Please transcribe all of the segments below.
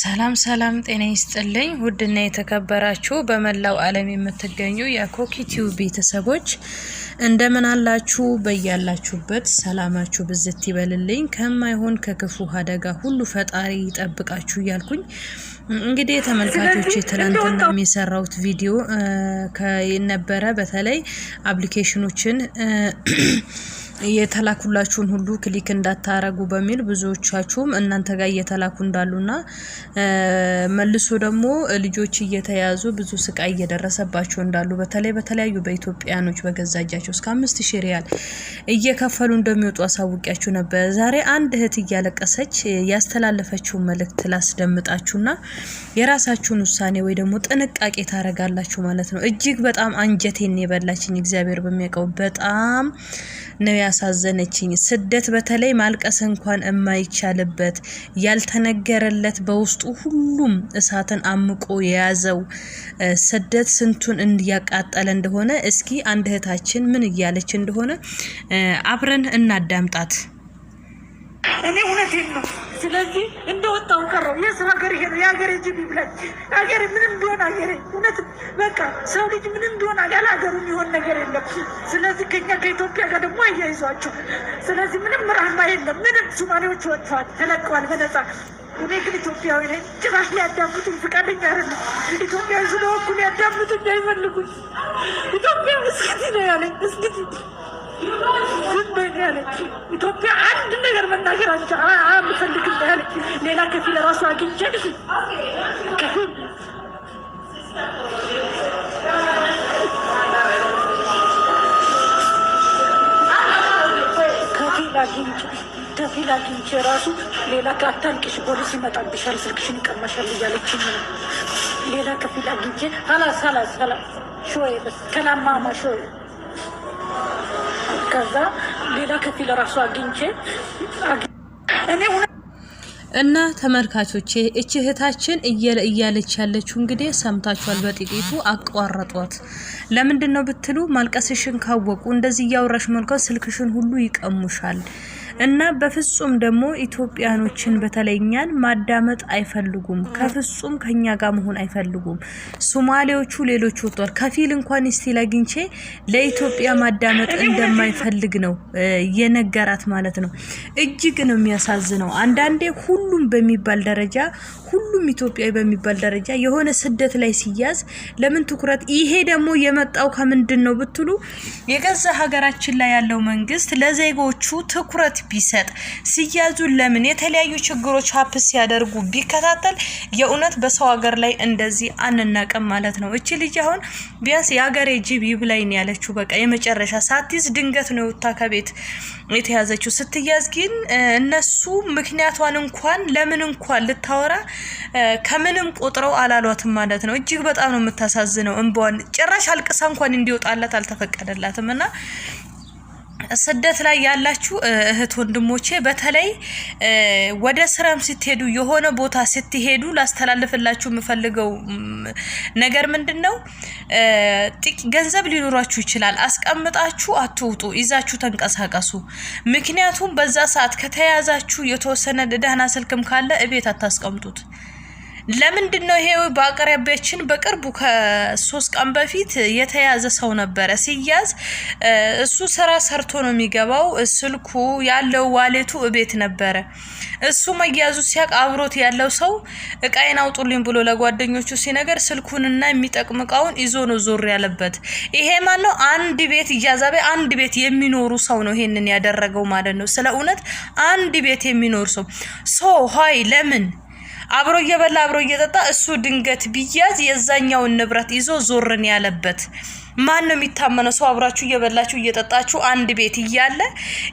ሰላም ሰላም፣ ጤና ይስጥልኝ ውድና የተከበራችሁ በመላው ዓለም የምትገኙ የኮኪቲው ቤተሰቦች እንደምን አላችሁ? በያላችሁበት ሰላማችሁ ብዝት ይበልልኝ፣ ከማይሆን ከክፉ አደጋ ሁሉ ፈጣሪ ይጠብቃችሁ እያልኩኝ እንግዲህ ተመልካቾች ትላንትና የሰራሁት ቪዲዮ ነበረ። በተለይ አፕሊኬሽኖችን የተላኩላችሁን ሁሉ ክሊክ እንዳታረጉ በሚል ብዙዎቻችሁም እናንተ ጋር እየተላኩ እንዳሉና መልሶ ደግሞ ልጆች እየተያዙ ብዙ ስቃይ እየደረሰባቸው እንዳሉ በተለይ በተለያዩ በኢትዮጵያኖች በገዛ እጃቸው እስከ አምስት ሺ ሪያል እየከፈሉ እንደሚወጡ አሳውቂያችሁ ነበር። ዛሬ አንድ እህት እያለቀሰች ያስተላለፈችውን መልእክት ላስደምጣችሁና የራሳችሁን ውሳኔ ወይ ደግሞ ጥንቃቄ ታረጋላችሁ ማለት ነው። እጅግ በጣም አንጀቴን የበላችኝ እግዚአብሔር በሚያውቀው በጣም ነው ያሳዘነችኝ ስደት በተለይ ማልቀስ እንኳን የማይቻልበት ያልተነገረለት በውስጡ ሁሉም እሳትን አምቆ የያዘው ስደት ስንቱን እንዲያቃጠለ እንደሆነ እስኪ አንድ እህታችን ምን እያለች እንደሆነ አብረን እናዳምጣት። እኔ እውነቴን ነው። ስለዚህ እንደወጣው ቀረው የሰው ሀገር ይሄ ነው የሀገሬ ጅብ ይብላኝ። ሀገሬ ምንም ቢሆን ሀገሬ እውነት በቃ ሰው ልጅ ምንም ቢሆን ያለ ሀገሩ የሚሆን ነገር የለም። ስለዚህ ከኛ ከኢትዮጵያ ጋር ደግሞ አያይዟቸው። ስለዚህ ምንም ራህማ የለም። ምንም ሱማሌዎች ወጥተዋል፣ ተለቀዋል በነጻ እኔ ግን ኢትዮጵያዊ ነኝ። ጭራሽ ሊያዳምጡኝ ፈቃደኛ አይደለም። ኢትዮጵያዊ ስለሆንኩ ሊያዳምጡኝ አይፈልጉኝ። ኢትዮጵያ እስክቲ ነው ያለኝ እስክቲ ዝም ያለች ኢትዮጵያ አንድ ነገር መናገር አልቻ አምፈልግም ያለች ሌላ ከፊል ራሱ አግኝቼ ከፊል ከፊል አግኝቼ ከፊል አግኝቼ ራሱ ሌላ ከአታልቅሽ ፖሊስ ይመጣብሻል፣ ስልክሽን ይቀማሻል እያለችኝ ነው። ሌላ ከፊል አግኝቼ ሀላስ ሀላስ ሀላስ ሾዬ ከላማማ ሾዬ ከዛ ሌላ ከፊል ራሱ አግኝቼ እኔ እና ተመልካቾቼ እች እህታችን እያለች ያለችው እንግዲህ ሰምታችኋል። በጥቂቱ አቋረጧት። ለምንድን ነው ብትሉ ማልቀስሽን ካወቁ እንደዚህ እያወራሽ መልኳ ስልክሽን ሁሉ ይቀሙሻል እና በፍጹም ደግሞ ኢትዮጵያኖችን በተለይኛን ማዳመጥ አይፈልጉም። ከፍጹም ከኛ ጋር መሆን አይፈልጉም። ሶማሌዎቹ ሌሎች ወጥቷል። ከፊል እንኳን ስቲል አግኝቼ ለኢትዮጵያ ማዳመጥ እንደማይፈልግ ነው የነገራት ማለት ነው። እጅግ ነው የሚያሳዝነው። አንዳንዴ ሁሉም በሚባል ደረጃ ሁሉም ኢትዮጵያዊ በሚባል ደረጃ የሆነ ስደት ላይ ሲያዝ ለምን ትኩረት ይሄ ደግሞ የመጣው ከምንድን ነው ብትሉ የገዛ ሀገራችን ላይ ያለው መንግስት ለዜጎቹ ትኩረት ቢሰጥ ሲያዙ ለምን የተለያዩ ችግሮች ሀፕ ሲያደርጉ ቢከታተል የእውነት በሰው ሀገር ላይ እንደዚህ አንናቅም ማለት ነው። እቺ ልጅ አሁን ቢያንስ የሀገሬ ጅብ ይብላኝ ያለችው በቃ የመጨረሻ ሳትይዝ ድንገት ነው የወጣ ከቤት የተያዘችው። ስትያዝ ግን እነሱ ምክንያቷን እንኳን ለምን እንኳን ልታወራ ከምንም ቆጥረው አላሏትም ማለት ነው። እጅግ በጣም ነው የምታሳዝነው። እንበዋን ጭራሽ አልቅሳ እንኳን እንዲወጣላት አልተፈቀደላትም እና ስደት ላይ ያላችሁ እህት ወንድሞቼ በተለይ ወደ ስራም ስትሄዱ የሆነ ቦታ ስትሄዱ ላስተላልፍላችሁ የምፈልገው ነገር ምንድን ነው? ገንዘብ ሊኖራችሁ ይችላል። አስቀምጣችሁ አትውጡ፣ ይዛችሁ ተንቀሳቀሱ። ምክንያቱም በዛ ሰዓት ከተያዛችሁ የተወሰነ ደህና ስልክም ካለ እቤት አታስቀምጡት። ለምንድን ነው ይሄ? በአቅራቢያችን በቅርቡ ከሶስት ቀን በፊት የተያዘ ሰው ነበረ። ሲያዝ እሱ ስራ ሰርቶ ነው የሚገባው። ስልኩ ያለው ዋሌቱ እቤት ነበረ። እሱ መያዙ ሲያቅ አብሮት ያለው ሰው እቃይን አውጡልኝ ብሎ ለጓደኞቹ ሲነገር ስልኩንና የሚጠቅም እቃውን ይዞ ነው ዞር ያለበት። ይሄ ማን ነው? አንድ ቤት እያዛቤ አንድ ቤት የሚኖሩ ሰው ነው ይሄንን ያደረገው ማለት ነው። ስለ እውነት አንድ ቤት የሚኖር ሰው ሶ ሆይ ለምን አብሮ እየበላ አብሮ እየጠጣ እሱ ድንገት ቢያዝ የዛኛውን ንብረት ይዞ ዞርን ያለበት ማን ነው የሚታመነው? ሰው አብራችሁ እየበላችሁ እየጠጣችሁ አንድ ቤት እያለ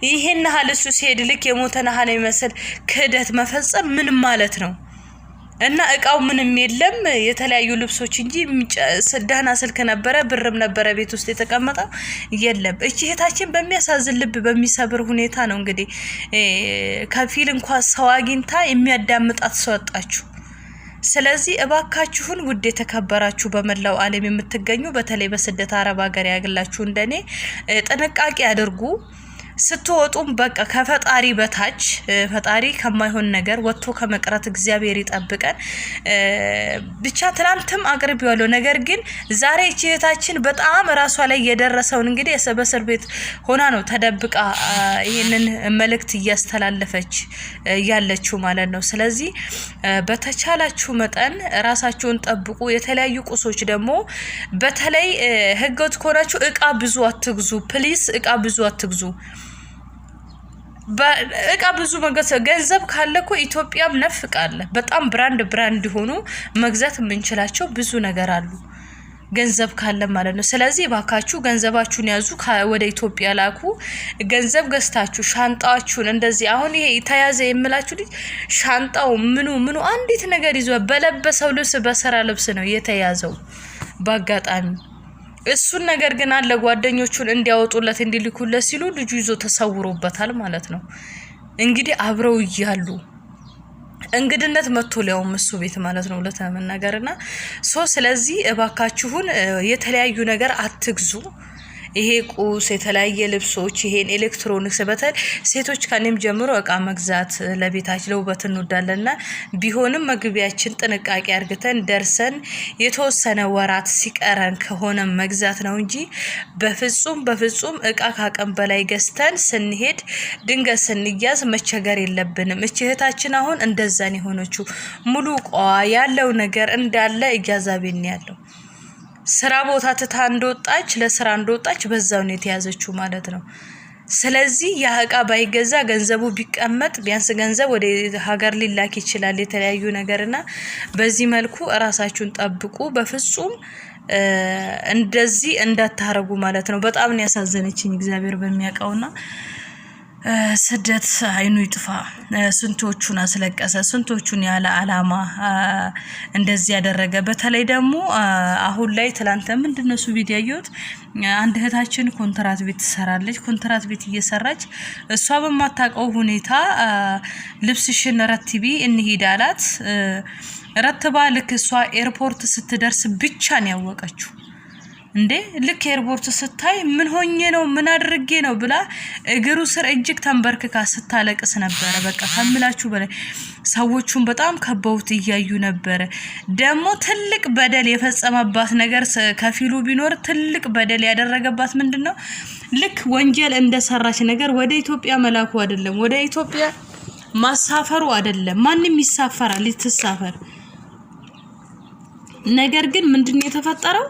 ይህን ሀል እሱ ሲሄድ ልክ የሞተን ያህል የሚመስል ክህደት መፈጸም ምን ማለት ነው? እና እቃው ምንም የለም የተለያዩ ልብሶች እንጂ ደህና ስልክ ነበረ፣ ብርም ነበረ ቤት ውስጥ የተቀመጠ የለም። እቺ እህታችን በሚያሳዝን ልብ በሚሰብር ሁኔታ ነው እንግዲህ ከፊል እንኳ ሰው አግኝታ የሚያዳምጣት ሰው አጣችሁ። ስለዚህ እባካችሁን ውድ የተከበራችሁ በመላው ዓለም የምትገኙ በተለይ በስደት አረብ ሀገር ያግላችሁ እንደኔ ጥንቃቄ አድርጉ። ስትወጡም በቃ ከፈጣሪ በታች ፈጣሪ ከማይሆን ነገር ወጥቶ ከመቅረት እግዚአብሔር ይጠብቀን። ብቻ ትናንትም ያለው ነገር ግን ዛሬ ይህች እህታችን በጣም ራሷ ላይ የደረሰውን እንግዲህ በእስር ቤት ሆና ነው ተደብቃ ይህንን መልእክት እያስተላለፈች ያለችው ማለት ነው። ስለዚህ በተቻላችሁ መጠን ራሳችሁን ጠብቁ። የተለያዩ ቁሶች ደግሞ በተለይ ህገወጥ ከሆናችሁ እቃ ብዙ አትግዙ። ፕሊስ እቃ ብዙ አትግዙ። በእቃ ብዙ መገሰ ገንዘብ ካለ እኮ ኢትዮጵያም ነፍቅ አለ። በጣም ብራንድ ብራንድ ሆኑ መግዛት የምንችላቸው ብዙ ነገር አሉ። ገንዘብ ካለ ማለት ነው። ስለዚህ ባካችሁ ገንዘባችሁን ያዙ፣ ወደ ኢትዮጵያ ላኩ። ገንዘብ ገዝታችሁ ሻንጣችሁን እንደዚህ አሁን ይሄ ተያዘ የምላችሁ ልጅ ሻንጣው ምኑ ምኑ አንዲት ነገር ይዟል። በለበሰው ልብስ በስራ ልብስ ነው የተያዘው በአጋጣሚ እሱን ነገር ግን አለ ጓደኞቹን እንዲያወጡለት እንዲልኩለት ሲሉ ልጁ ይዞ ተሰውሮበታል ማለት ነው። እንግዲህ አብረው እያሉ እንግድነት መጥቶ ሊያውም እሱ ቤት ማለት ነው ለተመናገርና ሶ ስለዚህ እባካችሁን የተለያዩ ነገር አትግዙ። ይሄ ቁስ፣ የተለያየ ልብሶች፣ ይሄን ኤሌክትሮኒክስ በተል ሴቶች ከኔም ጀምሮ እቃ መግዛት ለቤታችን ለውበት እንወዳለን እንወዳለንና ቢሆንም መግቢያችን ጥንቃቄ አርግተን ደርሰን የተወሰነ ወራት ሲቀረን ከሆነ መግዛት ነው እንጂ በፍጹም በፍጹም እቃ ካቅም በላይ ገዝተን ስንሄድ ድንገት ስንያዝ መቸገር የለብንም። እች እህታችን አሁን እንደዛን የሆነችው ሙሉ ቋ ያለው ነገር እንዳለ እያዛቤን ያለው ስራ ቦታ ትታ እንደወጣች ለስራ እንደወጣች በዛው ነው የተያዘችው ማለት ነው። ስለዚህ ያ እቃ ባይገዛ ገንዘቡ ቢቀመጥ ቢያንስ ገንዘብ ወደ ሀገር ሊላክ ይችላል። የተለያዩ ነገርና በዚህ መልኩ እራሳችሁን ጠብቁ። በፍጹም እንደዚህ እንዳታረጉ ማለት ነው። በጣም ነው ያሳዘነችኝ እግዚአብሔር በሚያውቀውና ስደት አይኑ ይጥፋ። ስንቶቹን አስለቀሰ፣ ስንቶቹን ያለ አላማ እንደዚህ ያደረገ። በተለይ ደግሞ አሁን ላይ ትላንት ምንድነሱ ቤት ያየሁት አንድ እህታችን ኮንትራት ቤት ትሰራለች። ኮንትራት ቤት እየሰራች እሷ በማታውቀው ሁኔታ ልብስሽን ረትቢ እንሂድ አላት። ረትባ ልክ እሷ ኤርፖርት ስትደርስ ብቻ ነው ያወቀችው። እንዴ ልክ ኤርፖርት ስታይ ምን ሆኜ ነው ምን አድርጌ ነው ብላ እግሩ ስር እጅግ ተንበርክካ ስታለቅስ ነበረ። በቃ ከምላችሁ በላይ ሰዎቹን በጣም ከበውት እያዩ ነበረ። ደግሞ ትልቅ በደል የፈጸመባት ነገር ከፊሉ ቢኖር ትልቅ በደል ያደረገባት ምንድን ነው? ልክ ወንጀል እንደሰራች ነገር ወደ ኢትዮጵያ መላኩ አይደለም፣ ወደ ኢትዮጵያ ማሳፈሩ አይደለም። ማንም ይሳፈራል፣ ይትሳፈር። ነገር ግን ምንድን ነው የተፈጠረው?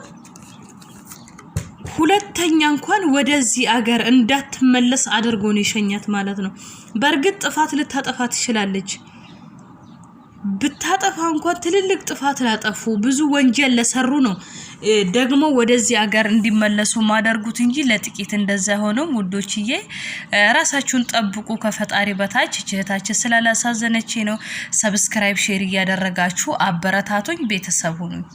ሁለተኛ እንኳን ወደዚህ አገር እንዳትመለስ አድርጎ ነው የሸኛት ማለት ነው። በእርግጥ ጥፋት ልታጠፋ ትችላለች። ብታጠፋ እንኳን ትልልቅ ጥፋት ላጠፉ ብዙ ወንጀል ለሰሩ ነው ደግሞ ወደዚህ አገር እንዲመለሱ ማደርጉት እንጂ ለጥቂት እንደዛ ሆነው ውዶችዬ፣ ራሳችሁን ጠብቁ። ከፈጣሪ በታች እህታችን ስላላሳዘነች ነው። ሰብስክራይብ፣ ሼር እያደረጋችሁ አበረታቶኝ ቤተሰቡ ነው።